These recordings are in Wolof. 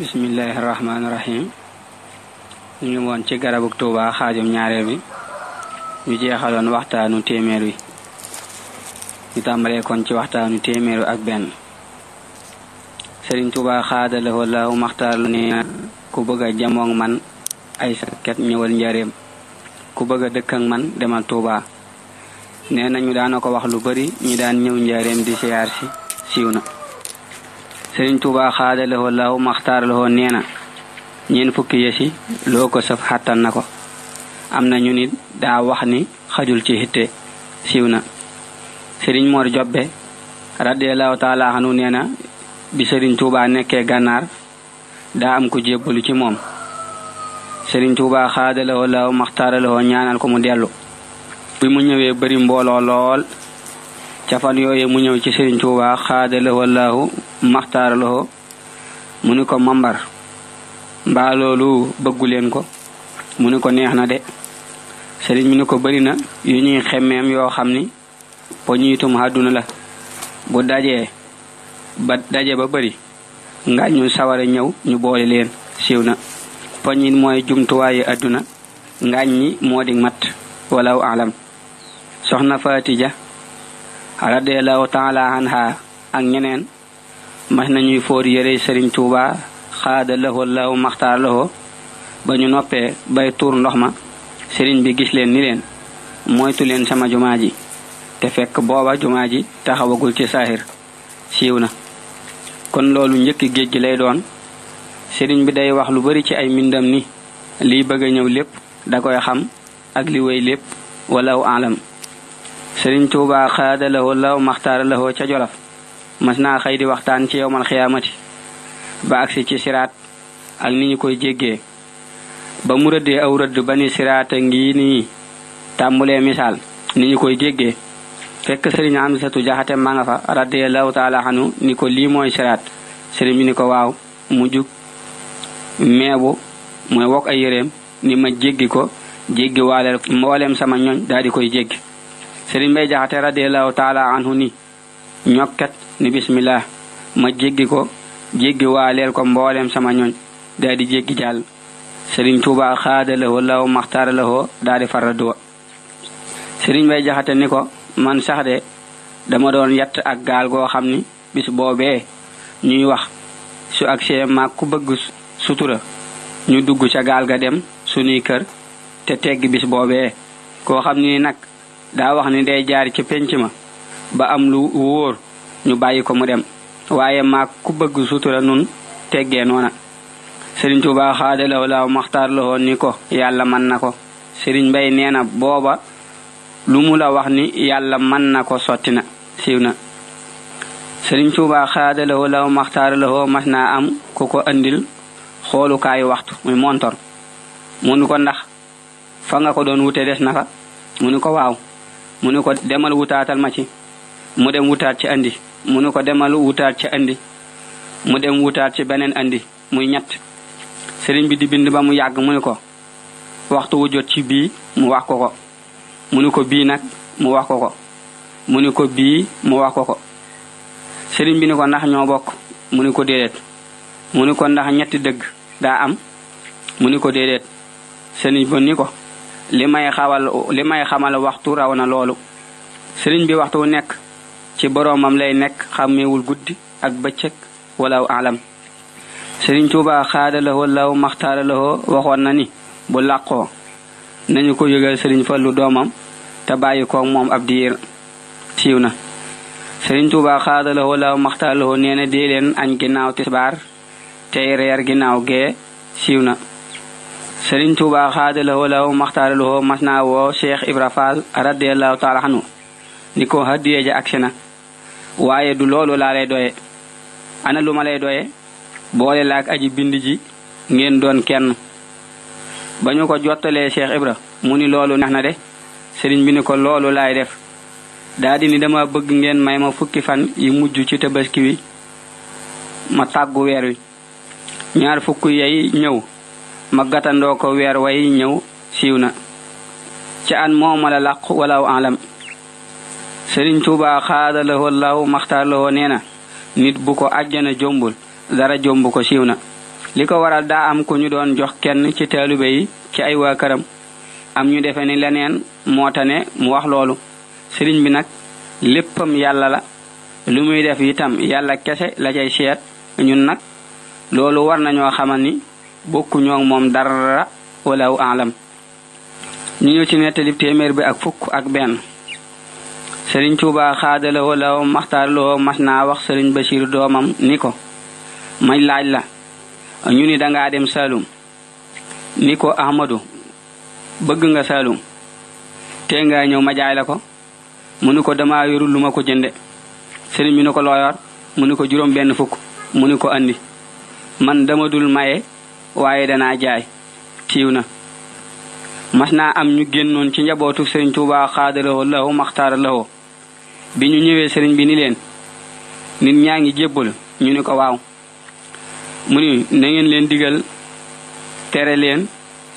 bismillaahi rahmaani rahiim ñu woon ci garabug Tuuba xaajum ñaareel bi ñu jeexaloon waxtaanu téeméer wi ñu tàmbalee kon ci waxtaanu téeméeru ak benn Sëriñ Tuuba xaadalawoo laahu maxtaar lu ne ku bëgg a jamoog man ay sakket ñëwal njareem ku bëgg a dëkk man demal Tuuba nee nañu daana ko wax lu bari ñi daan ñëw njareem di siyaar si siiw na sëriñ Tuuba xaada la wallaahu maxtaar nee na ñeent fukki yësi loo ko saf xàttan na ko am na ñu nit daa wax ni xajul ci xitte siiw na sëriñ Moor Jobbe radiallahu taala xanu nee na bi sëriñ Tuuba nekkee gànnaar daa am ku jébbalu ci moom sëriñ Tuuba xaada la wallaahu ñaanal ko mu dellu bi mu ñëwee bari mbooloo lool ca fan yooyu mu ñëw ci Sëriñ Tuubaa xaada lawo laahu maxtaara lawo mu ni ko mambar mbaa loolu bëggu leen ko mu ni ko neex na de sëriñ mu ni ko bëri na yu ñuy xemmeem yoo xam ni poñiitum àdduna la bu dajee ba daje ba bëri nga ñu sawara ñëw ñu boole leen siiw na poñiit mooy jumtuwaayu àdduna ngaañ ñi moo di mat walaw alam soxna Faatija radiallahu taala anha ak ñeneen mas nañuy foor yére sëriñ tuuba xaada laho law maxtaar laho ba ñu noppee bay tuur ndox ma sëriñ bi gis leen ni leen moytu leen sama jumaa ji te fekk booba jumaa ji taxawagul ci saahir siiw na kon loolu njëkk géej gi lay doon sëriñ bi day wax lu bari ci ay mbindam ni liy bëgg a ñëw lépp da koy xam ak li wéy lépp walaw alam sëriñ tuubaa xaada lahoo law maxtaara ca jolof mas naa xëy di waxtaan ci yowmal xiyaamati ba agsi ci siraat ak ni ñu koy jéggee ba mu rëddee aw rëdd ba ni siraata ngi nii tàmbulee misaal ni ñu koy jéggee fekk sëriñ amsatu jaxate ma nga fa radiyallahu taala xanu ni ko lii mooy siraat sëriñ bi ni ko waaw mu jug meebu mooy wokk ay yéreem ni ma jéggi ko jéggi waaleel mboolem sama ñoñ daal di koy jéggi sëriñ mbay jaxate radiallahu taala anhu ni ñokket ni bismillah ma jéggi ko jéggi waaleel ko mbooleem sama ñooñ daal di jéggi jàll sëriñ tuuba xaada law maxtaara lahoo daal di farra duwa sëriñ mbay jaxate ni ko man sax de dama doon yatt ak gaal goo xam ni bis boobee ñuy wax su ak see ku bëgg sutura ñu dugg ca gaal ga dem sunuy kër te tegg bis koo xam ni nag daa wax ni day jaar ci pénc ma ba am lu wóor ñu bàyyi ko mu dem waaye maag ku bëgg sutura nun teggee noona sëriñ Tuubaa xaadalaw laaw maxtaar loxoo ni ko yàlla mën na ko sëriñ Mbay nee na booba lu mu la wax ni yàlla mën na ko sotti na siiw na sëriñ Tuubaa xaadalaw laaw maxtaar loxoo mas na am ku ko andil xoolukaayu waxtu muy montor mu ni ko ndax fa nga ko doon wute des na fa mu ni ko waaw mu ne ko demal wutaatal ma ci mu dem wutaat ci andi mu ne ko demal wutaat ci andi mu dem wutaat ci beneen andi muy ñett sëriñ bi di bind ba mu yàgg mu ne ko waxtu wu jot ci bii mu wax ko ko mu ne ko bii nag mu wax ko ko mu ne ko bii mu wax ko ko sëriñ bi ne ko ndax ñoo bokk mu ne ko déedéet mu ne ko ndax ñetti dëgg daa am mu ne ko déedéet sëriñ bi ni ko li may xawal li may xamal waxtu raw na loolu sëriñ bi waxtu wu nekk ci boroomam lay nekk xàmmewul guddi ak bëccëg walaw alam sëriñ Tuuba xaadalawoo law maxtaaralawoo waxoon na ni bu làqoo nañu ko yëgal sëriñ Fallu doomam te bàyyi koog moom ab diir siiw na sëriñ Tuuba xaadalawoo law maxtaaralawoo nee na dee leen añ ginnaaw tisbaar tey reer ginnaaw gee siiw na sëriñ tuuba xaadalawoo law maxtaaralawoo mas naa woo cheikh ibra fall radiallahu taala anhu ni ko hadiye ja agsi na waaye du loolu laa lay doye ana lu ma lay doye boole laak aji bind ji ngeen doon kenn ba ñu ko jottalee cheikh ibra mu ni loolu nax na de sëriñ bi ni ko loolu laay def daldi ni dama bëgg ngeen may ma fukki fan yi mujj ci tabaski wi ma tàggu weer wi ñaar fukk yey ñëw ma gàttandoo ko weer way ñëw siiw na ci an mooma la làq walaaw alam sëriñ tuuba xaada la wallaahu maxtaar la nee na nit bu ko àjjana jombul dara jombu ko siiw na li ko waral daa am ku ñu doon jox kenn ci taalibe yi ci ay waa këram am ñu defe ni leneen moo tane mu wax loolu sëriñ bi nag léppam yàlla la lu muy def itam yàlla kese la cay seet ñun nag loolu war nañoo xamal ni bokkuñoo ak moom dara walaw alam ñu ñëw ci nettali téeméer bi ak fukk ak benn sëriñ Tuubaa xaadalawoo law maxtaarloo mas naa wax sëriñ Basiir doomam ni ko may laaj la ñu ni dangaa dem Saalum ni ko Ahmadu bëgg nga Saalum te nga ñëw ma jaay la ko mu ni ko dama yorul lu ma ko jënde sëriñ bi ni ko looyoor mu ni ko juróom benn fukk mu ko andi man dama dul maye waaye danaa jaay siiw na mas naa am ñu génnoon ci njabootu sëriñ Tuuba xaadalawoo lawo maxtaara lawo bi ñu ñëwee sëriñ bi ni leen nit ñaa ngi jébbalu ñu ni ko waaw mu ni na leen digal tere leen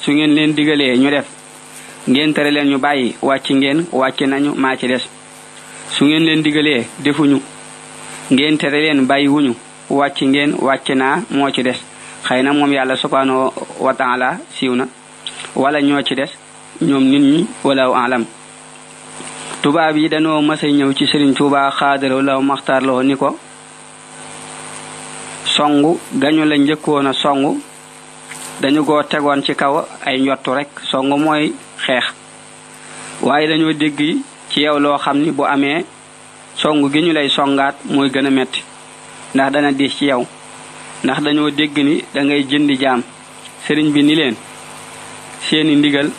su ngeen leen digalee ñu def ngeen tere leen ñu bàyyi wàcc ngeen wàcc nañu maa ci des su ngeen leen digalee defuñu ngeen tere leen bàyyiwuñu wàcc ngeen wàcc naa moo ci des xëy na moom yàlla subhanahu wa taala siiw na walla ñoo ci des ñoom nit ñi wala alam tubaab yi dañoo mësa ñëw ci Sëriñ Tuubaa xaadaraw law maxtaar ni ko songu gañu la njëkkoon a songu dañu ko tegoon ci kaw ay njottu rekk songu mooy xeex waaye dañoo dégg ci yow loo xam ni bu amee songu gi ñu lay songaat mooy gën a metti ndax dana diis ci yow ndax dañoo dégg ni dangay jëndi jaam sëriñ bi ni leen seeni ndigal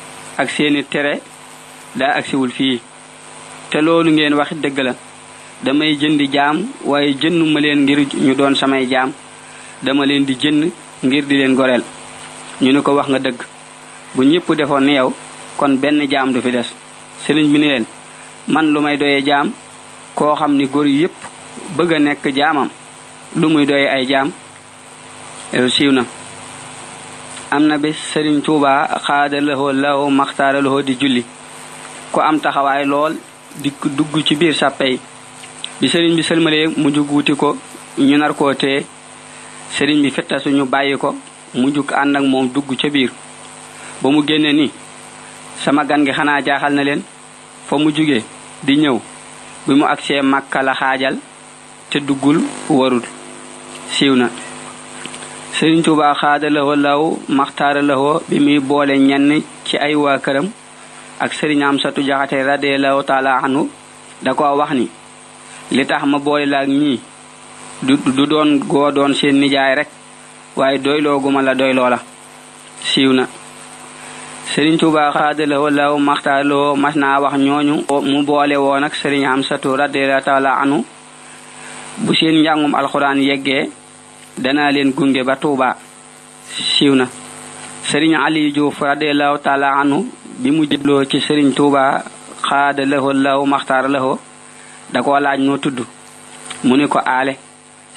ak seeni tere daa agsiwul fii te loolu ngeen wax dëgg la damay jëndi jaam waaye jënduma leen ngir ñu doon samay jaam dama leen di jënd ngir di leen goreel ñu ni ko wax nga dëgg bu ñëpp defoon ni yow kon benn jaam du fi des sëriñ bi ni leen man lu may doyee jaam koo xam ni gor yépp bëgg a nekk jaamam lu muy doyee ay jaam siiw na am na bés sëriñ tuuba xaadalahoo lawo maxtaaralahoo di julli ku am taxawaay lool di dugg ci biir sàppey bi sëriñ bi sëlmalee mu jug ko ñu nar koo sëriñ bi fettasu ñu bàyyi ko mu jug ànd ak moom dugg ca biir ba mu génne ni sama gan xanaa jaaxal na leen fa mu jóge di ñëw bi mu agsee màkka la xaajal te duggul warul siiw na sëriñ Tuubaa xaadalawoo law maxtaaralawoo bi muy boole ñenn ci ay waa këram ak sëriñ Amsatu Jaxate radiyallahu taala anhu da wax ni li tax ma boole la ñi ñii du doon goo doon seen nijaay rekk waaye doyloo guma la doyloo la siiw na sëriñ Tuubaa xaadalawoo law maxtaaralawoo mas na wax ñooñu mu boole woon ak sëriñ Amsatu radiyallahu taala anhu bu seen njàngum alxuraan yeggee danaa leen gunge ba Tuuba siiw na sëriñ Aliyu Juuf radiallahu taala anhu bi mu jubloo ci sëriñ Tuuba xaada laho law maxtaar laho da laaj noo tudd mu ni ko aale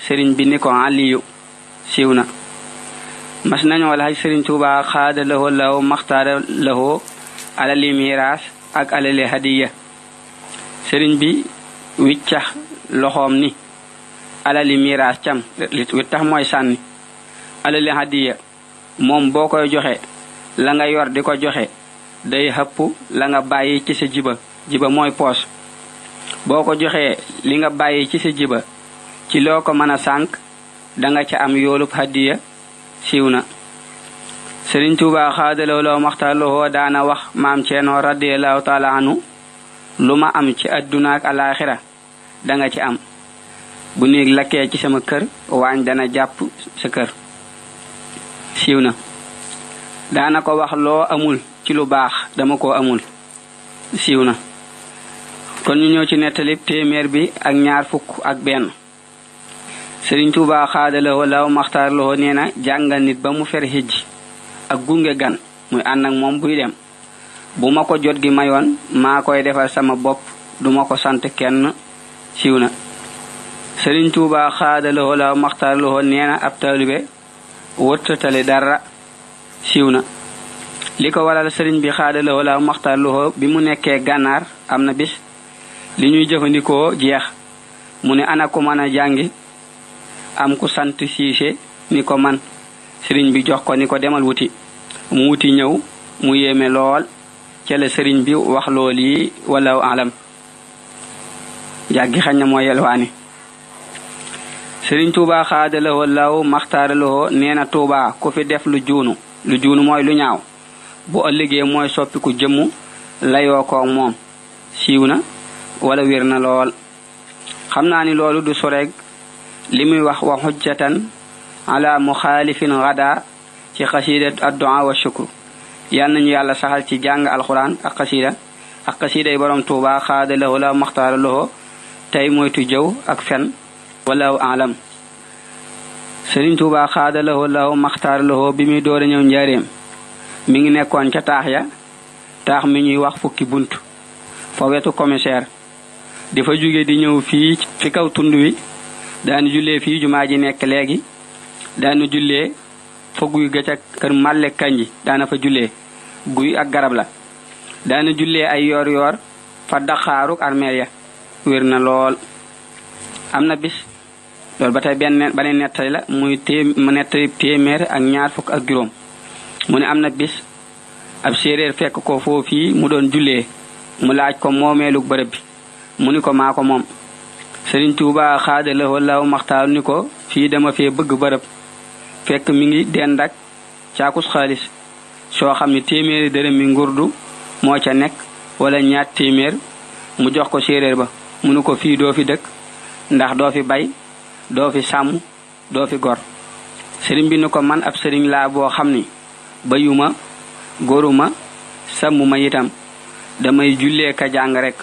sëriñ bi ni ko Aliyu siiw na mas nañoo laaj sëriñ Tuuba xaada law maxtaar laho alali miraas ak alali hadiya sëriñ bi wiccax loxoom ni alali miraas cam li tax mooy sànni alali hadiya moom boo koy joxe la nga yor di joxe day la nga ci sa jiba jiba mooy poos boo ko joxee li nga bàyyi ci sa jiba ci loo ko mën a sànq da nga ca am yoolub hadiya siiw na sëriñ tuuba xaadalawloo maxtaalowoo wax maam cheno radiallahu taala anu luma am ci adduna ak alaxira da nga ci am bu néeg lakkee ci sama kër waañ dana jàpp sa kër siiw na daana ko wax loo amul ci lu baax dama ko amul siiw na kon ñu ñëw ci nettalib téeméer bi ak ñaar fukk ak benn Sëriñ Tuubaa xaadalawoo law maxtaar lawoo nee na jàngal nit ba mu fer hijj ak gunge gan muy ànd moom buy dem bu ma ko jot gi mayoon maa koy defar sama bopp duma ko sant kenn siiw na sëriñ tuubaa xaadalowoo laaw maxtaarlowoo nee na ab taalibe wërtatale dara siiw na li ko waral sëriñ bi xaadalowoo laaw maxtaarlowoo bi mu nekkee gànnaar am na bis li ñuy jëfandikoo jeex mu ne ana ku mën a jàngi am ku sant siise ni ko man sëriñ bi jox ko ni ko demal wuti mu wuti ñëw mu yéeme lool ca sëriñ bi wax lool yi wala alam jàggi xañ na moo yelwaani sëriñ tuuba xaadalawoo law maxtaaralawoo nee na tuuba ku fi def lu juunu lu juunu mooy lu ñaaw bu ëllëgee mooy soppiku jëmm layoo koog moom siiw na wala wér na lool xam naa ni loolu du soreg li muy wax wa xujjatan ala muxaalifin gada ci xasida addu'a wa shukru yal nañu yàlla saxal ci jàng alxuraan ak xasida ak xasida yi borom tuuba xaada lahu maxtaara lahu tey moytu jëw ak fen wallahu alam Sëriñ Tuubaa xaada lahoo lahoo maxtaar lahoo bi muy doore ñëw njaareem mi ngi nekkoon ca taax ya taax mi ñuy wax fukki bunt fa wetu commissaire di fa jóge di ñëw fii fi kaw tund wi daanu jullee fii jumaa ji nekk léegi daanu jullee fa guy ga ca kër màlle kanji daana fa jullee guy ak garab la daana jullee ay yoor yoor fa daqaaru armeel ya wér na lool am na bis loolu ba tey benn beneen nettali la muy téem mu nettali téeméer ak ñaar fukk ak juróom mu ne am na bis ab séeréer fekk ko foofii mu doon jullee mu laaj ko moomeelug bërëb bi mu ni ko maako moom Sëriñ Tuubaa xaada la wala maxtaar ni ko fii dama fee bëgg bërëb fekk mu ngi dend ak caakus xaalis soo xam ni téeméeri dërëm mi ngurdu moo ca nekk wala ñaat téeméer mu jox ko séeréer ba mu ni ko fii doo fi dëkk ndax doo fi bay doo fi sàmm doo fi gor sëriñ bi ni ko man ab sëriñ laa boo xam ni bayuma goruma sàmmuma itam damay jullee jàng rekk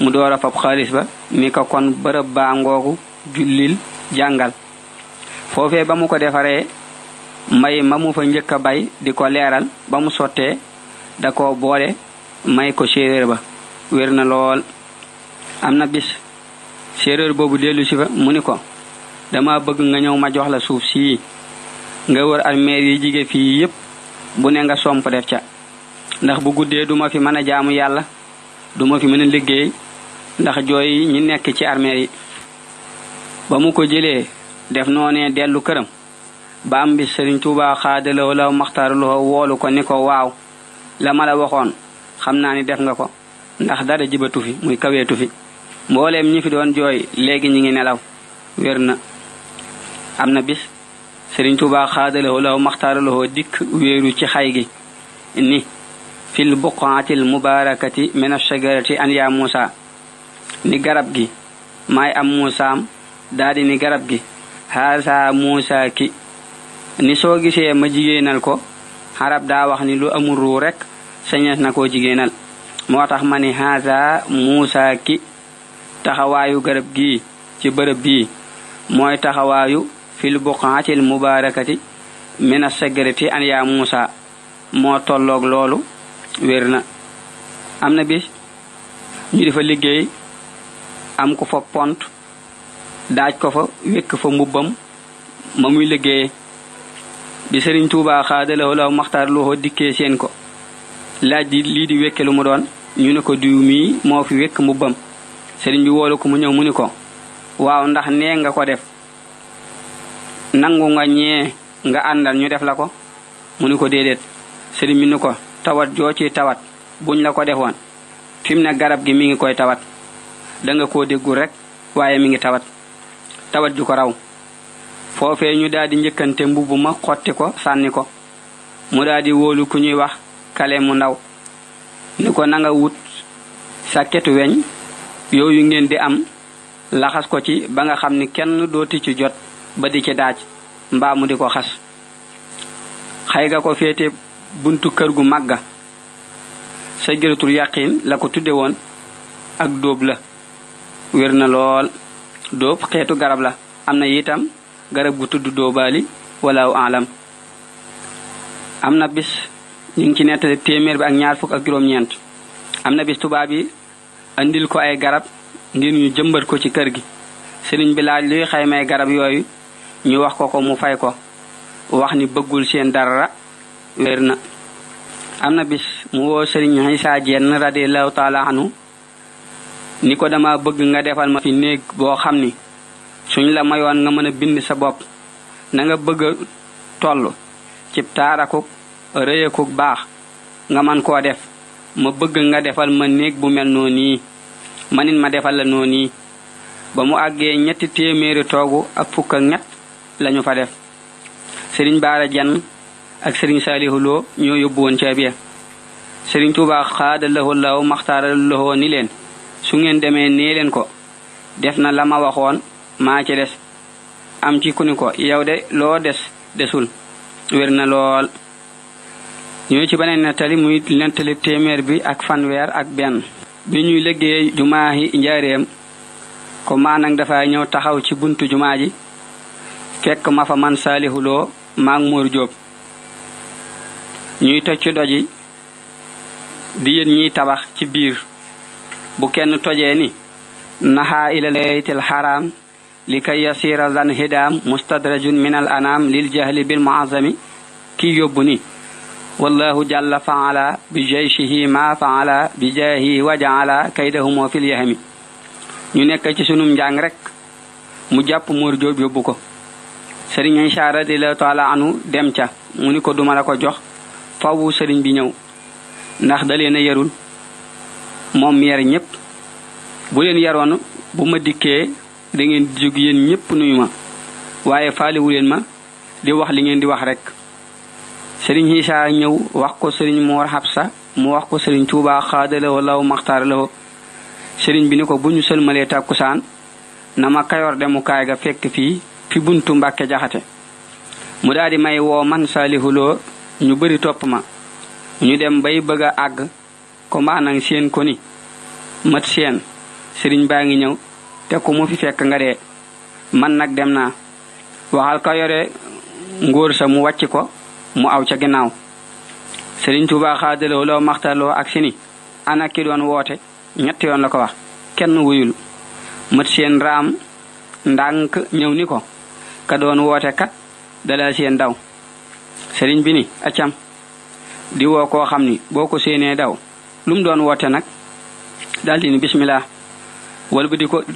mu doora a fab xaalis ba ni ko kon bërëb baa ngoogu jullil jàngal foofe ba mu ko defaree mbay ma mu fa njëkk a bay di ko leeral ba mu sottee da ko boole may ko séeréer ba wér na lool am na bis séeréer boobu dellusi fa mu ni ko dama bëgg nga ñëw ma jox la suuf sii nga wër armeer yi jigéen fii yépp bu ne nga somp def ca ndax bu guddee duma fi mën a jaamu yàlla duma fi mën a liggéey ndax jooy ñu nekk ci armeer yi ba mu ko jëlee def noonee dellu këram ba am bi sëriñ Tuubaa xaadaloo la maxtaraloo woolu ko ni ko waaw la ma la waxoon xam naa ni def nga ko ndax dara jibatu fi muy kaweetu fi mbooleem ñi fi doon jooy léegi ñi ngi nelaw wér na am na bis sëriñ Tuubaa xaadalahoo law maxtaaralahoo dikk wéeru ci xay gi ni fil buqaatil mubaarakati min ashajarati an yaa ni garab gi maay am muusaam daldi ni garab gi haasaa muusa ki ni soo gisee ma jigéenal ko xarab daa wax ni lu amul rek rekk na koo jigéenal moo tax ma ni haasaa muusa ki taxawaayu garab gi ci bërëb bii mooy taxawaayu fil buqaati al mubaarakati min as-sagrati an yaa muusa moo tolloog loolu wér na am na bis ñu di liggéey am ko fa pont daaj ko fa wékk fa mbubbam ma muy liggéeye bi sëriñ tuubaa xaadalawo law maxtaar loxoo dikkee seen ko laaj di lii di wékke lu mu doon ñu ne ko diw mii moo fi wékk mbubbam sëriñ bi woolu ko mu ñëw mu ni ko waaw ndax nee nga ko def nangu nga ñee nga àndal ñu def la ko mu ni ko déedéet sëriñ bi ni ko tawat joo ci tawat buñ la ko defoon fi mu ne garab gi mi ngi koy tawat danga nga koo déggul rek waaye mi ngi tawat tawat ju ko raw foofe ñu daldi njëkkante mbubb ma xotti ko sànni ko mu daldi di ku ñuy wax kale mu ndaw ni ko na nga wut sàkketu weñ yooyu ngeen di am laxas ko ci ba nga xam ni kenn dooti ci jot ba di ci daaj mbaa mu di ko xas xay ga ko féete buntu kër gu màgga sajaratul yaqin la ko tudde woon ak dóob la wér na lool dóob xeetu garab la am na itam garab gu tudd dóobaali walaaw alam am na bis ñu ngi ci nettali téeméer bi ak ñaar fukk ak juróom-ñeent am na bis tubaab yi andil ko ay garab ngir ñu ko ci kër gi sëriñ bi laaj luy xaymay garab yooyu ñu wax ko ko mu fay ko wax ni bëggul seen dara wér na am na bis mu woo sëriñ Isaa Jeen radiallahu taala anhu ni ko dama bëgg nga defal ma néeg boo xam ni suñ la mayoon nga mën a bind sa bopp na bëgg a toll cib taarakuk rëyakuk baax nga man koo def ma bëgg nga defal ma néeg bu mel noo nii manit ma defal la noo nii ba mu àggee ñetti téeméeri toogu ak fukk ak ñett lañu fa def sëriñ baara jan ak sëriñ saalihu loo ñoo yóbbu woon ceeb sëriñ tuuba xaada lahu law maxtaara lahu ni leen su ngeen demee nee leen ko def na la ma waxoon maa ci des am ci ku ko yow de loo des desul wér na lool ñoo ci beneen nettali muy nettali téeméer bi ak fanweer ak benn bi ñuy liggéey jumaahi njaareem ko maanang dafa ñëw taxaw ci buntu jumaa ji kek ma fa man salihu lo ma ngi mor job ñuy toj doji di yéen ñi tabax ci bir bu kenn toje ni naha ila laytil haram likay yasira zan hidam mustadrajun min al anam lil jahl bil mu'azami ki yobuni والله جل فعلا بجيشه ما فعلا بجاهه وجعل كيدهم في اليهم ني نيك سي sunum جانغ rek مو جاب مور جوب yóbbu sëriñ Isaa radiyallaahu taala anu dem ca mu ni ko duma la ko jox fawwu sëriñ bi ñëw ndax da leen a yarul moom yar ñépp bu leen yaroon bu ma dikkee da jóg yéen ñépp nuyu ma waaye faaliwu leen ma di wax li ngeen di wax rekk sëriñ Isaa ñëw wax ko sëriñ Moor sa mu wax ko sëriñ Tuubaa xaadalawo law maxtaar lawo sëriñ bi ni ko bu ñu sëlmalee tàkkusaan na ma kayoor demu ga fekk fii fukki buntu mbàkke jaxate mu daal may woo man saalihuloo ñu bari topp ma ñu dem bay bëgg a àgg ko maanang seen ko ni mat seen sëriñ baa ngi ñëw te ku mu fi fekk nga dee man nag dem na waxal ka yore ngóor sa mu wacc ko mu aw ca ginnaaw sëriñ Tuubaa xaadaloo loo maxtaloo ak sini ana doon woote ñetti yoon la ko wax kenn wuyul mat seen raam ndànk ñëw ni ko ka doon woote kat dalaa seen daw sëriñ bi ni accam di woo koo xam ni boo ko séenee daw lu mu doon woote nag daldi ni bismillah wala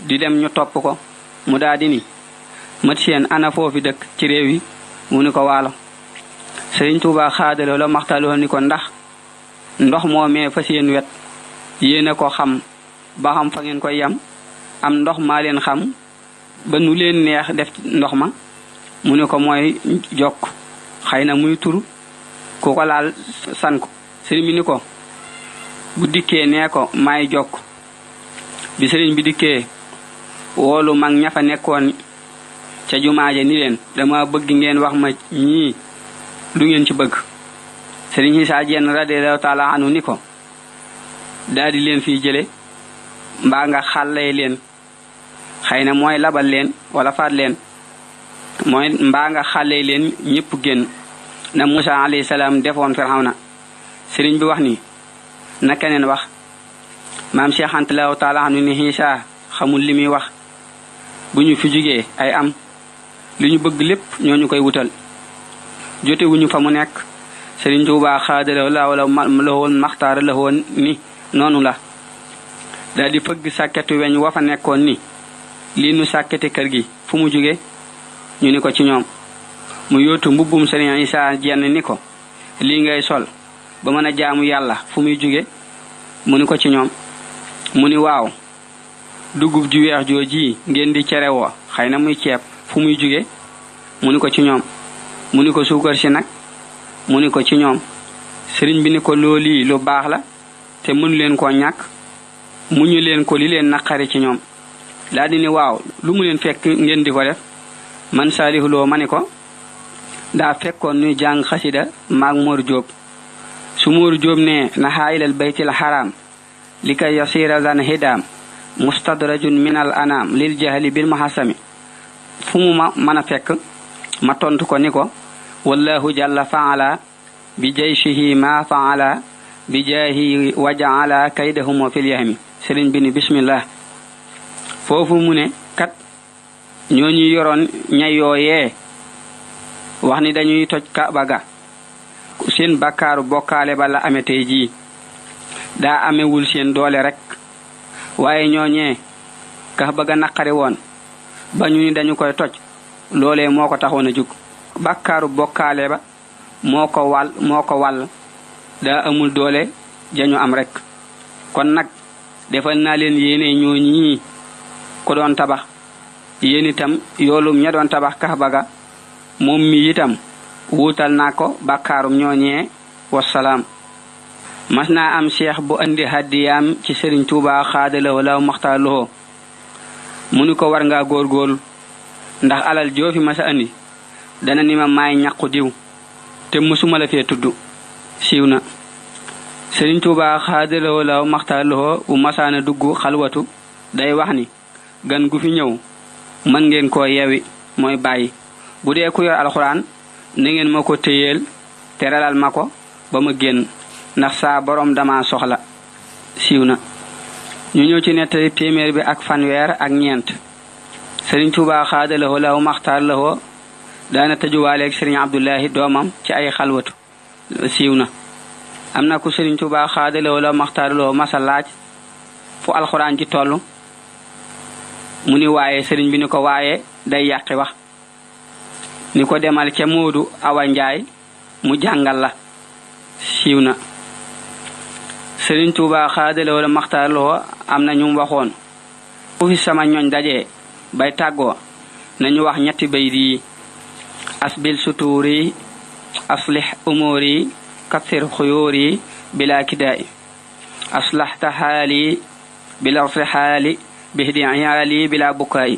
di dem ñu topp ko mu daldi ni mat seen ana foofi dëkk ci réew yi mu ni ko waalo sëriñ Tuubaa xaadaloo la maxtaloo ni ko ndax ndox moomee fa seen wet yéen ko xam ba xam fa ngeen yam am ndox maa leen xam ba nu leen neex def ndox ma mu ne ko mooy jokk xëy na muy turu ku ko laal san ko sëriñ bi ni ko bu dikkee nee ko maay jokk bi sëriñ bi dikkee woolu mag ña fa nekkoon ca jumaaje ni leen dama bëgg ngeen wax ma ñii lu ngeen ci bëgg sëriñ isaa jenn radiallahu taala anu ni ko daa di leen fii jële mbaa nga xàllee leen xëy na mooy labal leen wala faat leen mooy mbaa nga xàlle leen ñëpp génn na Musa alayhi salaam defoon Firawna sëriñ bi wax ni na keneen wax maam Cheikh Anta Laahu taala anu ni Isa xamul li muy wax bu ñu fi jugee ay am li ñu bëgg lépp ñoo ñu koy wutal jotewuñu fa mu nekk sëriñ Tuubaa xaadalaw la wala la woon la woon ni noonu la daal di fëgg sàkketu weñ wa fa nekkoon ni lii nu sàkkete kër gi fu mu jóge ñu ni ko ci ñoom mu yóotu mbubbum Sëriñ Isaa jenn ni ko lii ngay sol ba mën a jaamu yàlla fu muy jóge mu ni ko ci ñoom mu ni waaw dugub ju weex joo ji ngeen di cerewoo xëy na muy ceeb fu muy jóge mu ko ci ñoom mu ni ko suukar si nag mu ni ko ci ñoom sëriñ bi ni ko loolii lu baax la te mënu leen koo ñàkk mu ñu leen ko li leen naqari ci ñoom daal di ni waaw lu mu leen fekk ngeen di ko def man saalihuloo ma ni ko daa fekkoon ñuy jàng xasida maag móor jóob su móor jóob ne na xaayilal baytil xaraam li kay yasira zan hidaam mustadrajun min al anaam lil jahali bil mahasami fu mu ma mën a fekk ma tontu ko ni ko wallahu jalla faala bi jayshihi ma faala bi jaahi wa jaala kaydahum fil yahmi sëriñ bi ni bismillah foofu mu ne kat ñoo ñu yoroon ña yooyee wax ni dañuy toj kaaba ga seen bakkaaru bokkaale ba la amee tey jii daa amewul seen doole rek waaye ñooñee kax bëgg a naqari woon ba ñu ni dañu koy toj loolee moo ko taxoon a jug bakkaaru bokkaale ba moo ko wàll moo ko wàll daa amul doole jañu am rek kon nag defal naa leen yéenee ñooñ ñii ku doon tabax yéenitam itam yoolum ña doon tabax kaaba ga moom mi itam wuutal naa ko bàkkaarum ñooñee wasalaam mas naa am cheikh bu indi hadiyaam ci sëriñ tuuba xaadalawo law maxtaalowoo mu ni ko war góor góorgóorlu ndax alal joofi masa indi dana ni ma maay ñaqu diw te mësuma la fee tudd siiw na sëriñ tuuba xaadalawo law maxtaalowoo bu masaana dugg xalwatu day wax ni gan gu fi ñëw mën ngeen koo yewi mooy bàyyi bu dee ku yor alxuraan na ngeen ma ko téyeel teralal ma ko ba ma génn ndax saa boroom dama soxla siiw na ñu ñëw ci nettali téeméer bi ak fanweer ak ñeent sëriñ Tuubaa xaadalawoo law maxtaar lawoo daana tëjuwaaleeg sëriñ Abdullahi doomam ci ay xalwatu siiw na am na ku sëriñ Tuubaa xaadalawoo law maxtaar lawoo masa laaj fu alxuraan ci tollu mu ni waaye sëriñ bi ni ko waaye day yàqi wax ni ko demal ca Moodu Awa Njaay mu jàngal la siiw na sëriñ Tuubaa xaadale wala maxtaar loo am na ñu waxoon ku sama ñooñ daje bay tàggoo nañu wax ñetti bayit yi asbil sutuuri aslih umuuri kassir xuyuuri bilaa kidaay aslahta xaali bila rsi xaali بهدي عيالي بلا بكاء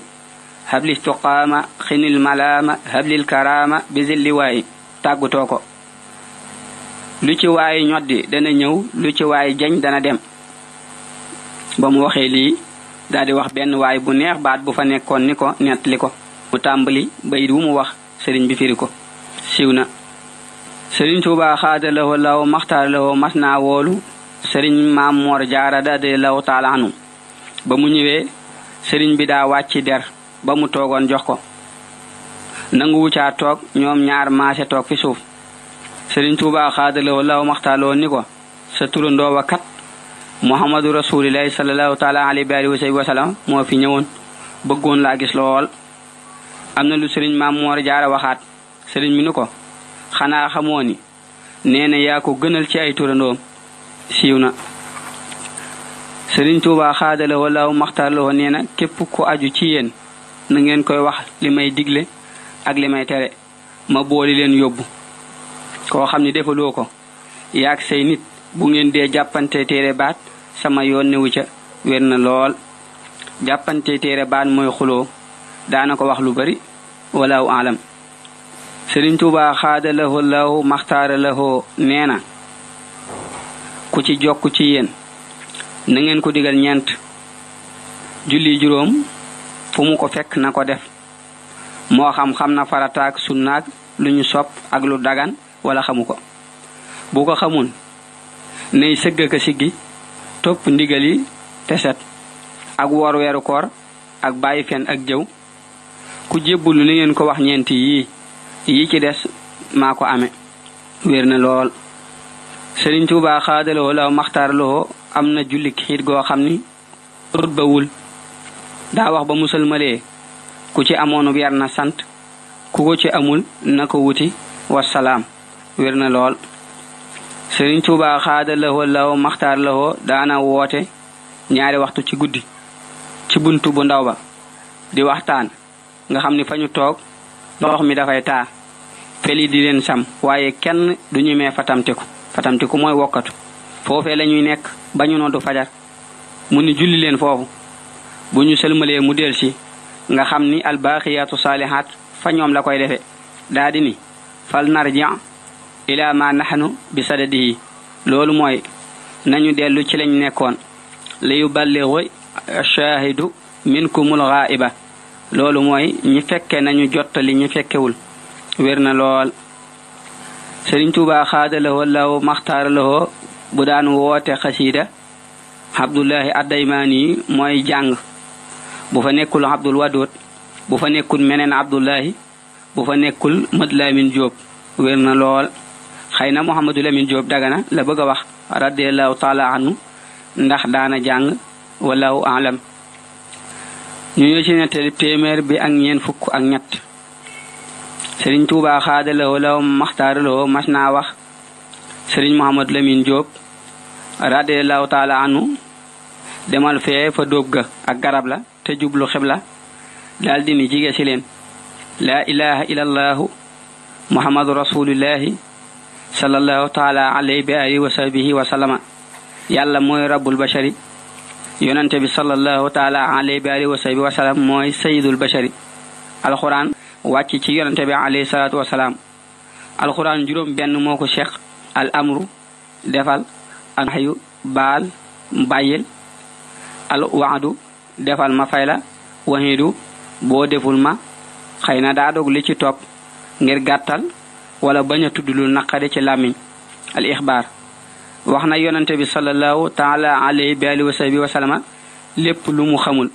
هب لي استقامة خن الملامة هب لي الكرامة بزل واي tàggutoo ko lu ci waay ñoddi dana ñëw lu ci waay jañ dana dem ba mu waxee lii daldi wax benn waay bu neex baat bu fa nekkoon ni ko nettali ko mu tàmbali bayit wu mu wax sëriñ bi firi ko siiw na sëriñ Tuubaa xaada lawo law maxtaar lawo mas woolu sëriñ maam moor jaara daldi law taalaanu ba mu ñëwee sëriñ bi daa wàcci der ba mu toogoon jox ko nanguwu caa toog ñoom ñaar maase toog fi suuf sëriñ tuubaa xaadalawoo law maxtaaloo ni ko sa turandoo wa kat muhammadu rasulillahi salallahu taala alayhi wa alihi wa moo fi ñëwoon bëggoon laa gis lool am na lu sëriñ maam moor jaara waxaat sëriñ mi ni ko xanaa xamoo ni nee yaa ko gënal ci ay turandoom siiw na Sëriñ Tuubaa xaadala walaaw maxtaarloo nee na képp aju ci yéen na ngeen koy wax li may digle ak li may tere ma booli leen yóbbu koo xam ne defaloo ko yaag say nit bu ngeen dee jàppante téere baat sama yoon newu ca wér lool jàppante téere mooy xuloo daana ko wax lu bari walaaw alam Sëriñ Tuubaa xaada lahoo law maxtaara lahoo nee na ku ci jokk ci yéen na ngeen ko digal ñent julli juróom fu mu ko fekk na ko def moo xam xam na farataak sunnaak lu ñu sopp ak lu dagan wala xamu ko bu ko xamul nay sëgg ka siggi topp ndigal yi te set ak woor weeru koor ak bàyyi fen ak jëw ku jébbulu li ngeen ko wax yi ci des maa ko amee wér na lool sëriñ tuuba xaadaloo maxtaar loo am na julli xiit goo xam ni rut ba wul daa wax ba musalmalee ku ci amoonub yar na sant ku ko ci amul na ko wuti wasalaam wér na lool Sëriñ Tuubaa xaada lawoo lawo maxtaar lawoo daana woote ñaari waxtu ci guddi ci bunt bu ndaw ba di waxtaan nga xam ni fa ñu toog ndox mi dafay taa feli di leen sam waaye kenn du ñemee fatamtiku fatamtiku mooy wokkatu foofee la ñuy nekk ba ñu noddu fajar mu ni julli leen foofu bu ñu sëlmalee mu del si nga xam ni albaaqiyaatu saalihaat fa ñoom la koy defe daa di ni fal narja ila ma nahnu bi sadadihi loolu mooy nañu dellu ci lañ nekkoon li yuballigu shaahidu minkumul ghaiba loolu mooy ñi fekke nañu jottali ñi fekkewul wér na lool Sëriñ Tuubaa xaadalawoo law maxtaaralawoo bu daan woote xasiida Abdullahi Addaymaan mooy jàng bu fa nekkul Abdul Wadoot bu fa nekkul meneen Abdullahi bu fa nekkul Mad Lamin Jóob wér na lool xëy na Muhammadu Lamin Jóob Dagana la bëgg a wax radiallahu taala anhu ndax daana jàng wallahu alam ñu ñëw ci nettali téeméer bi ak ñeen fukk ak ñett Sëriñ Tuubaa xaadalawoo law maxtaaralawoo mas naa wax serigne mohammed lamine diop radiyallahu ta'ala anhu demal fee fa dóob ga ak garab la te jublu xibla daal di ni jige si leen laa ilaha illallahu muhammadu rasulillahi sallallahu taala alayhi bi alihi wa sahbihi wa sallama yàlla mooy rabbul bashari yonante bi sallallahu taala alayhi bi alihi wa sahbihi wa sallam mooy sayidul bashari alquran wàcc ci yonante bi alayhi salatu wasalaam alquran juróom benn moo ko cheikh al amru defal an xayu baal bàyyil al waadu defal ma fay la waxidu boo deful ma xëy na daa dog li ci topp ngir gàttal wala bañ a tudd lu naqari ci làmmiñ al ixbaar wax na yonante bi salallahu taala alayhi bi alihi wa lépp lu mu xamul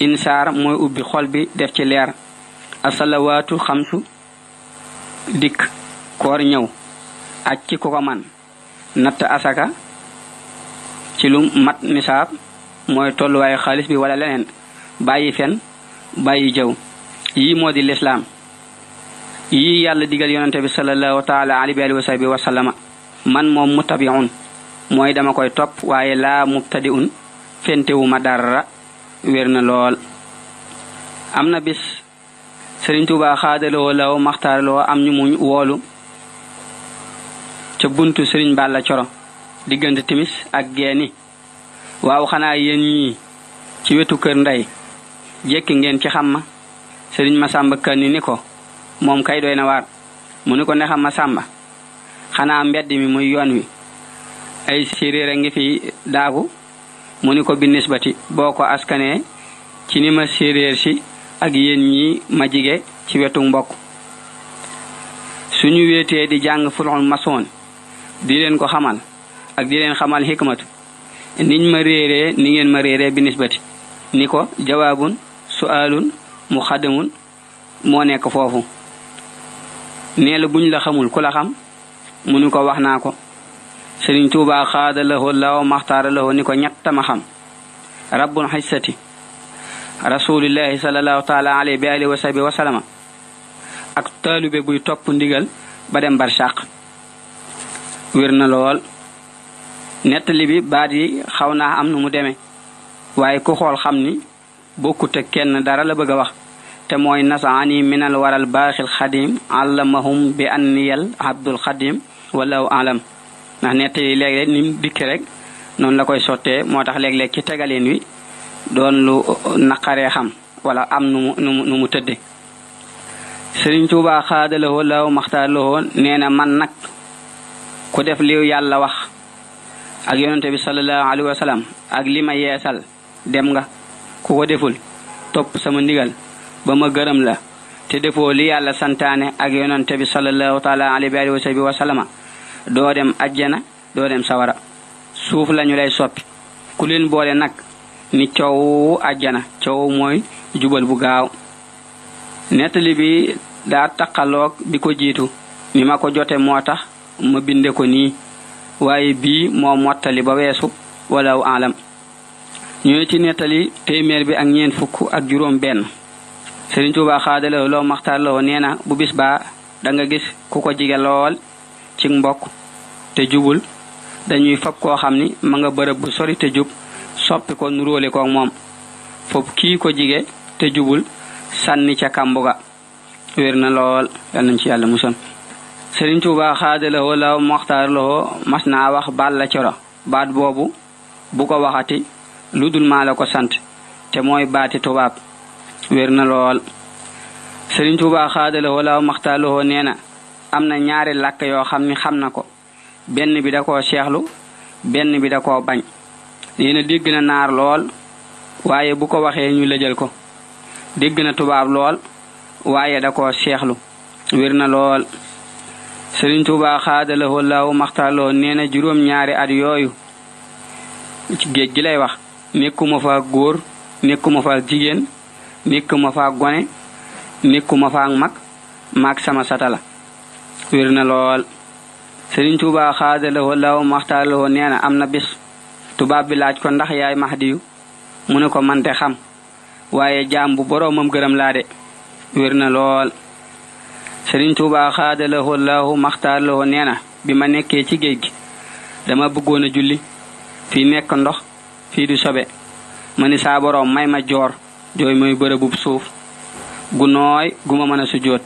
insaar mooy ubbi xol bi def ci leer asalawaatu xamsu dikk koor ñëw aj ci ku ko man natt asaka ci lu mat nisaab mooy tolluwaayu xaalis bi wala leneen bàyyi fen bàyyi jëw yii moo di lislaam yii yàlla digal yonente bi salallahu taala alayhi wa sahbi man moom mutabiun mooy dama koy topp waaye laa mubtadiun fentewu ma dara wér na lool am na bis sëriñ Tuubaa xaadaloo law maxtaaraloo am ñu mu woolu ca buntu sëriñ bàlla coro diggante timis ak geeni waaw xanaa yéen ñii ci wetu kër ndey jekki ngeen ci xam ma masamba kani ni ko moom kay doy na waar mu ni ko ne xam masamba xanaa mbedd mi muy yoon wi ay séréer ngi fi daagu mu ni ko bi nisbati boo ko askanee ci ni ma séréer si ak yéen ñi ma jige ci wetu mbokk suñu wéetee di jàng fulxul masoon di leen ko xamal ak di leen xamal xikmatu niñ ma réeree ni ngeen ma réeree bi ni ko jawaabun su'aalun muxaddamun moo nekk foofu nee la buñ la xamul ku la xam munu ko wax naa ko sëriñ tuubaa xaada lahoo law maxtaara lahoo ni ko ñettama xam rabbul xissati rasulillahi salallahu taala alayhi bi alihi wa sahbi ak taalube buy topp ndigal ba dem barsàq wér na lool nettali bi baat yi xaw naa am nu mu demee waaye ku xool xam ni bokkute kenn dara la bëgg a wax te mooy nasaani minal waral baaxil xadim allamahum bi anniyal abdul xadim walaw alam ndax nettali léeg-léeg ni dikk rek noonu la koy sottee moo tax léeg-léeg ci tegaleen wi doon lu naqaree xam wala am nu mu nu mu nu mu tëdde Sëriñ Tuubaa xaadalawoo law maxtaarlawoo man nag ku def liw yàlla wax ak yonente bi sallallahu alayhi wa sallam ak li ma yeesal dem nga ku ko deful topp sama ndigal ba ma gërëm la te defoo li yàlla santaane ak yonente bi sallallahu taala alayhi wa sahbihi wa doo dem ajjana doo dem sawara suuf lañu lay soppi ku leen boole nag ni coow ajjana coow mooy jubal bu gaaw nettali bi daa taqaloog bi ko jiitu ni ma ko jote moo tax ma bindee ko nii waaye bii moo mottali ba weesu walaw alam ñoo ci nettali téeméer bi ak ñeent fukk ak juróom benn Sëriñ Tuubaa xaadaloo loo maxtaar loo nee na bu bis baa danga gis ku ko jige lool ci mbokk te jubul dañuy fab koo xam ni ma nga bërëb bu sori te jub soppi ko nuróole koog moom fob kii ko jige te jubul sànni ca kàmbuga wér na lool yal nañ ci yàlla musal Sëriñ Tuuba xaadalawoo law moxtaarlawoo mas naa wax Balla Coro baat boobu bu ko waxati lu dul maa la ko sant te mooy baati tubaab wér na lool Sëriñ Tuuba xaadalawoo law moxtaarlawoo nee na am na ñaari lakk yoo xam ni xam na ko benn bi da koo seexlu benn bi da ko bañ nee na na naar lool waaye bu ko waxee ñu lëjal ko dégg na tubaab lool waaye da ko seexlu wér na lool sëriñ Tuuba xaadalawoo laawu maxtaaloo nee juróom ñaari at yooyu ci géej gi lay wax nekkuma fa góor nekkuma fa jigéen nekkuma fa gone nekkuma fa mag maag sama satala wér na lool sëriñ Tuuba xaadalawoo laawu maxtaaloo nee na am na bis tubaab bi laaj ko ndax yaay Mahdiyu mu ne ko mante xam waaye jaam bu boroomam gërëm laa de wér na lool sëriñ tuuba xaada lahoo nee na bi ma nekkee ci géej gi dama bëggoon a julli fii nekk ndox fii di sobe ma ni saa may ma joor jooy mooy bërëbub suuf gu nooy gu ma mën a sujjóot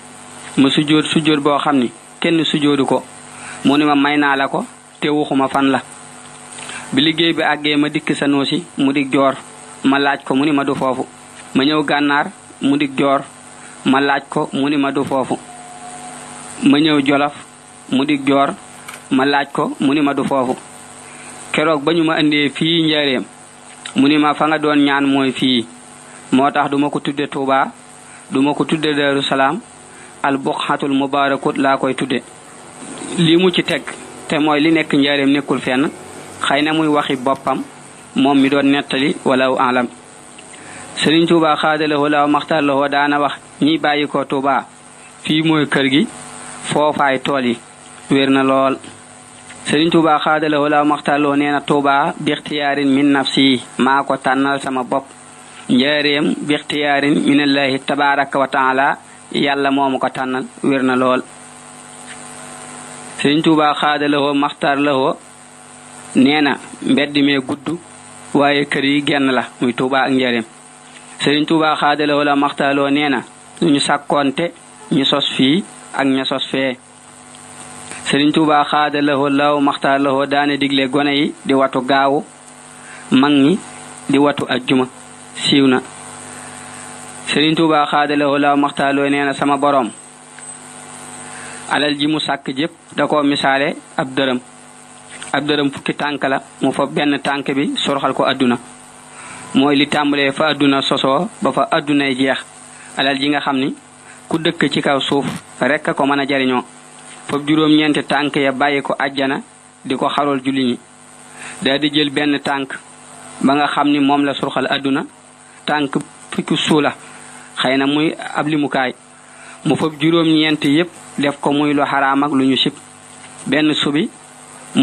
ma sujjóot sujjóot boo xam ni kenn sujjóotu ko mu ni ma may naa la ko te waxuma fan la bi liggéey bi àggee ma dikk sa noosi mu di joor ma laaj ko mu ni ma du foofu ma ñëw gànnaar mu di joor ma laaj ko mu ni ma du foofu ma ñëw jolof mu di joor ma laaj ko mu ni ma du foofu keroog ba ñu ma indee fii njaareem mu ni ma fa nga doon ñaan mooy fii moo tax duma ko tudde Tuuba duma ko tudde Daaru Salaam al buqxatul mubaarakut laa koy tudde lii mu ci teg te mooy li nekk njaareem nekkul fenn xëy na muy waxi boppam moom mi doon nettali walla u alam Sëriñ Tuuba xaadalawoo laaw maxtarlawoo daana wax ñiy bàyyi ko Tuuba fii mooy kër gi foofaay tool yi wér na lool Sëriñ Tuubaa xaadalawoo laa maxtaloo nee na Tuubaa bixtiyaarin min nafsi maa ko tànnal sama bopp njaareem bixtiyaarin minallaahi tabaaraka wa taala yàlla moomu ko tànnal wér na lool Sëriñ Tuubaa xaadalawoo maxtaar lawoo nee na mbedd mee gudd waaye kër yi genn la muy Tuubaa ak ñu sàkkoonte ñu sos fii ak ña sos fee Sëriñ Tuubaa xaada laxoo law maxtaar laxoo daane digle gone yi di watu gaawu mag ñi di watu ajjuma siiw na Sëriñ Tuubaa xaada laxoo law maxtaar laxoo nee na sama boroom alal ji mu sàkk jëpp da ko misaale ab dërëm ab dërëm fukki tànk la mu fa benn tànk bi sorxal ko àdduna mooy li tàmbalee fa àdduna sosoo ba fa àddunay jeex alal ji nga xam ni ku dëkk ci kaw suuf rekk a ko mën a jariñoo fab juróom-ñeenti tànk ya bàyyi ko àjjana di ko xarool julli ñi daa di jël benn tànk ba nga xam ni moom la surxal àdduna tànk fukki suula xëy na muy ab limukaay mu fab juróom-ñeent yépp def ko muy lu xaraam lu ñu sib benn subi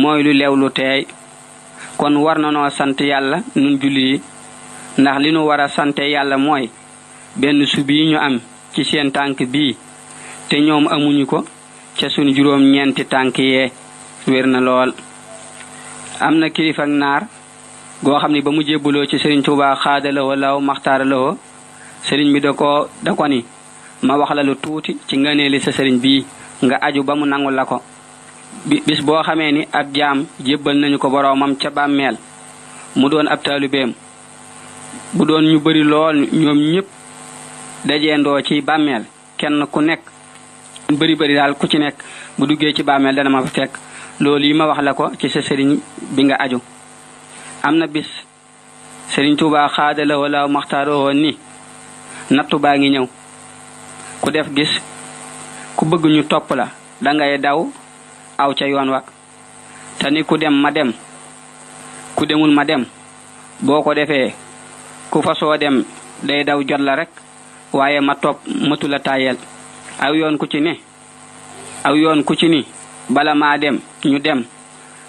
mooy lu leew lu teey kon war na noo sant yàlla nun julli yi ndax li nu war a sante yàlla mooy benn subi yi ñu am ci seen tànk bi te ñoom amuñu ko ca sunu juróom ñeenti tànk yee wér na lool am na kilifa naar goo xam ni ba mu jébbuloo ci sëriñ Tuubaa xaadala walla maxtaarala woo sëriñ bi da ko da ni ma wax la lu tuuti ci ngëneeli sa sëriñ bi nga aju ba mu nangu la ko bis boo xamee ni ab jaam jébbal nañu ko boroomam ca bàmmeel mu doon ab taalubeem bu doon ñu bari lool ñoom ñépp dajeendoo ci bàmmeel kenn ku nekk bëri bëri daal ku ci nekk bu duggee ci bàmmeel dana ma fa fekk loolu yi ma wax la ko ci sa sëriñ bi nga aju am na bis sëriñ Tuubaa xaadala wala maxtaaroo ni nattu baa ngi ñëw ku def gis ku bëgg ñu topp la dangay daw aw ca yoon wa te ni ku dem ma dem ku demul ma dem boo ko defee ku fasoo dem day daw jot la rekk waaye ma topp matula tayel aw yoon ku ci ne aw yoon ku ci ni bala maa dem ñu dem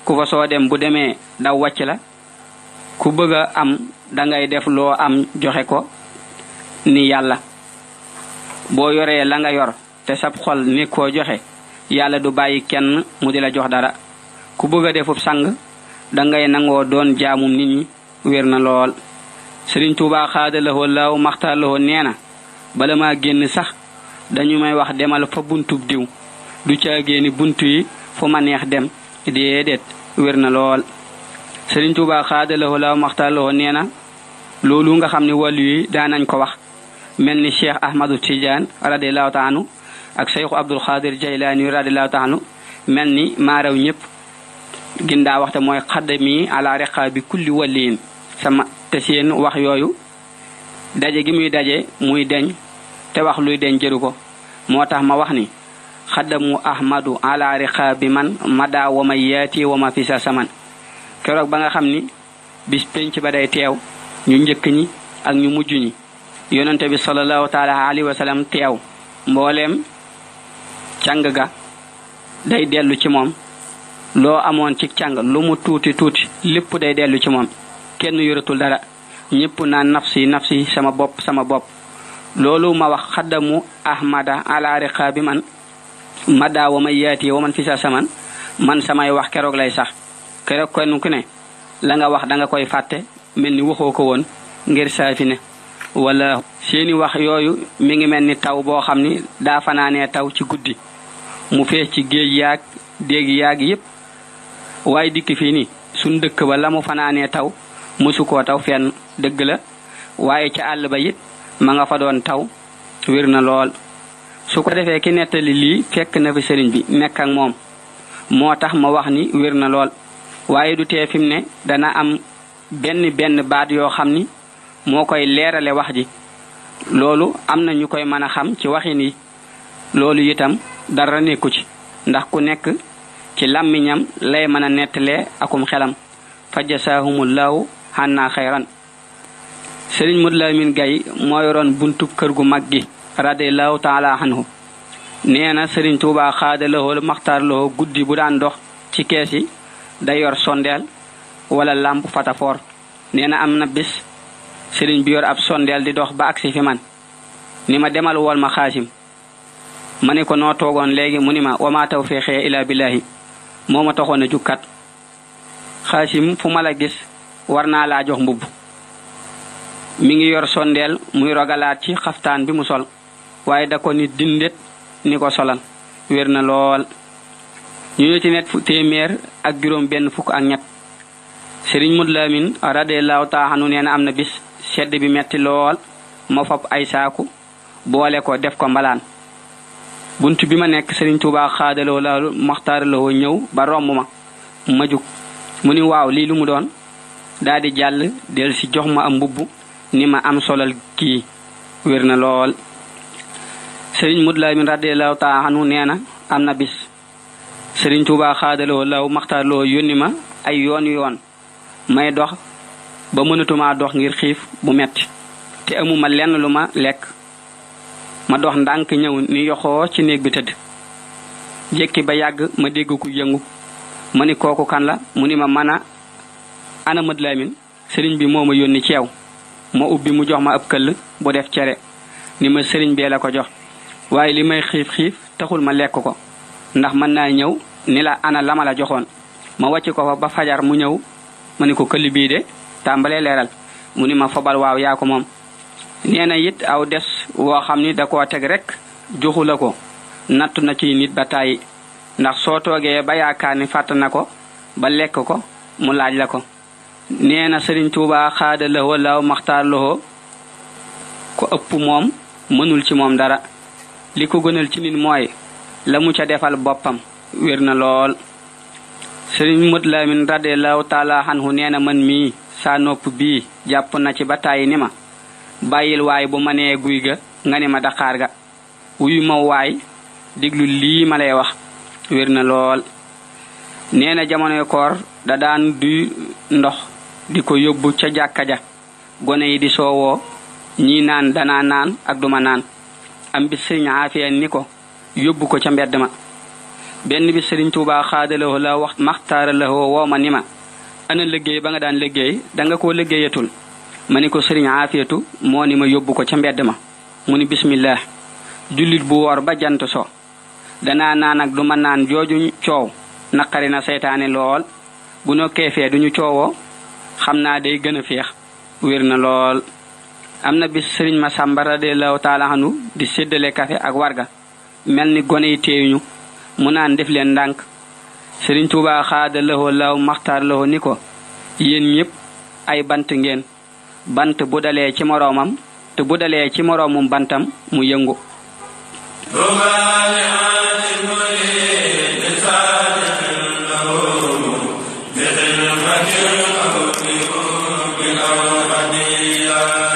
ku fa soo dem bu demee daw wàcc la ku bëgg a am dangay def loo am joxe ko ni yàlla boo yoree la nga yor te sab xol ni koo joxe yàlla du bàyyi kenn mu di la jox dara ku bëgg a defub sang dangay nangoo doon jaamum nit ñi wér na lool Sëriñ Tuubaa xaadalawoo law maxtaarlawoo nee na bala maa génn sax dañu may wax demal fa buntub diw du caagéeni bunt yi fu ma neex dem déedéet wér na lool Sëriñ Tuubaa xaadalawoo la maxtalawoo nee na loolu nga xam ni wàllu yi daanañ ko wax mel ni cheikh ahmadu tidiane radiallahu taala anu ak seyxu abdul xaadir jaylaani radiallahu taala anu mel ni maaraw ñëpp daa waxte mooy xaddami ala riqaabi kulli waliin sama te seen wax yooyu daje gi muy daje muy deñ te wax luy deñ jëru ko moo tax ma wax ni xaddamu ahmadu ala bi man mada wa ma yaati wa sa saman ba nga xam ni bis penc ba day teew ñu njëkk ñi ak ñu mujj ñi yonente bi salallahu taala mbooleem càng ga day dellu ci moom loo amoon ci càng tuuti tuuti lépp day dellu ci moom kenn yoratul dara ñépp naan nafsi nafsi sama bopp sama bopp loolu ma wax xaddamu ahmada ala riqaabi man madda wa may yaati wa man fi sa saman man samay wax keroog lay sax keroog kenn ku ne la nga wax danga koy fàtte mel ni waxoo ko woon ngir saafi ne wala seeni wax yooyu mi ngi mel ni taw boo xam ni daa fanaane taw ci guddi mu fees ci géej yaag déeg yaag yépp waaye dikk fii ni suñ dëkk ba la mu fanaanee taw musu koo taw fenn dëgg la waaye ca àll ba it ma nga fa doon taw wér na lool su ko defee ki nettali lii fekk na fi sëriñ bi nekk ak moom moo tax ma wax ni wér na lool waaye du tee fi mu ne dana am benn benn baat yoo xam ni moo koy leerale wax ji loolu am na ñu koy mën a xam ci waxin yi loolu itam dara nekku ci ndax ku nekk ci làmmiñam lay mën a nettale akum xelam fa jasaahumullahu xànnaa xayran Sëriñ Modou Lamine Gaye moo yoroon buntu kër gu mag gi radiallahu taala anhu nee na Sëriñ Tuubaa xaada loxoolu maxtaar loxo guddi bu daan dox ci kees yi day yor sondeel wala làmp fatafoor nee na am na bis sëriñ bi yor ab sondeel di dox ba agsi fi man ni ma demal wool ma xaasim ma ne ko noo toogoon léegi mu ni ma wama tawfiqee ila billahi moo ma taxoon a jukkat xaasim fu ma la gis war naa laa jox mbubb mi ngi yor sondeel muy rogalaat ci xaftaan bi mu sol waaye da ko ni dindet ni ko solal wér na lool ñu ne ci net téeméer ak juróom benn fukk ak ñett sëriñ Mut Lamin radiyallahu xanu neena nee am na bis sedd bi metti lool ma fab ay saaku boole ko def ko mbalaan bunt bi ma nekk sëriñ Tuubaa xaadaloo laalu maxtaaraloo ñëw ba romb ma ma jug mu ni waaw lii lu mu doon daal di jàll del si jox ma am mbubb ni ma am solal kii wér na lool sëriñ Mudlaay min radiyallahu taala anhu nee na am na bis sëriñ Tuubaa xaadaloo law maxtaarloo yónni ma ay yoon yoon may dox ba mënatuma dox ngir xiif bu metti te amuma lenn lu ma lekk ma dox ndànk ñëw ni yoxoo ci néeg bi tëdd jékki ba yàgg ma dégg ku yëngu ma ni kooku kan la mu ni ma mën ana mët laamin sëriñ bi moo ma yónni ci yow ma ubbi mu jox ma ab këll bu def cere ni ma sëriñ bee la ko jox waaye li may xiif xiif taxul ma lekk ko ndax mën naa ñëw ni la ana la ma la joxoon ma wàcc ko fa ba fajar mu ñëw ma ni ko këll bii de tàmbalee leeral mu ni ma fobal waaw yaa ko moom nee na it aw des woo xam ni da koo teg rek joxu ko nattu na ci nit ba tàyyi ndax soo toogee ba yaakaar ni fàtt na ko ba lekk ko mu laaj la ko nee na sëriñ tuubaa xaada la walaaw maxtaar la ko ëpp moom mënul ci moom dara li ko gënal ci nit mooy la mu ca defal boppam wér na lool sëriñ mët la min radde law taala xanhu nee na man mii saa nopp bii jàpp na ci ba tàyyi ni ma bàyyil waay bu manee guy ga nga ni ma daqaar ga wuyu ma waay diglu lii ma lay wax wér na lool nee na jamonoy koor da daan duy ndox di ko yóbbu ca jàkka ja gone yi di soowoo ñii naan dana naan ak duma naan am bi sëriñ aafiya ni ko yóbbu ko ca mbedd ma benn bi sëriñ tuubaa xaadalawoo la wax maxtaaralawoo woo ma ni ma ana liggéey ba nga daan liggéey danga koo liggéeyatul ma ni ko sëriñ aafiyatu moo ni ma yóbbu ko ca mbedd ma mu ni bismillah jullit bu woor ba jant so dana naan ak duma naan jooju coow naqari na seytaane lool bu nokkee fee duñu coowoo xam naa day gën a féex wér na lool am na bis sëriñ ma sàmbara taala anhu di séddale café ak warga mel ni gone yi mu naan def leen ndànk sëriñ Tuubaa xaada laxoo law maxtaar laxoo ni ko yéen ñëpp ay bant ngeen bant bu dalee ci moroomam te bu dalee ci moroomum bantam mu yëngu أديا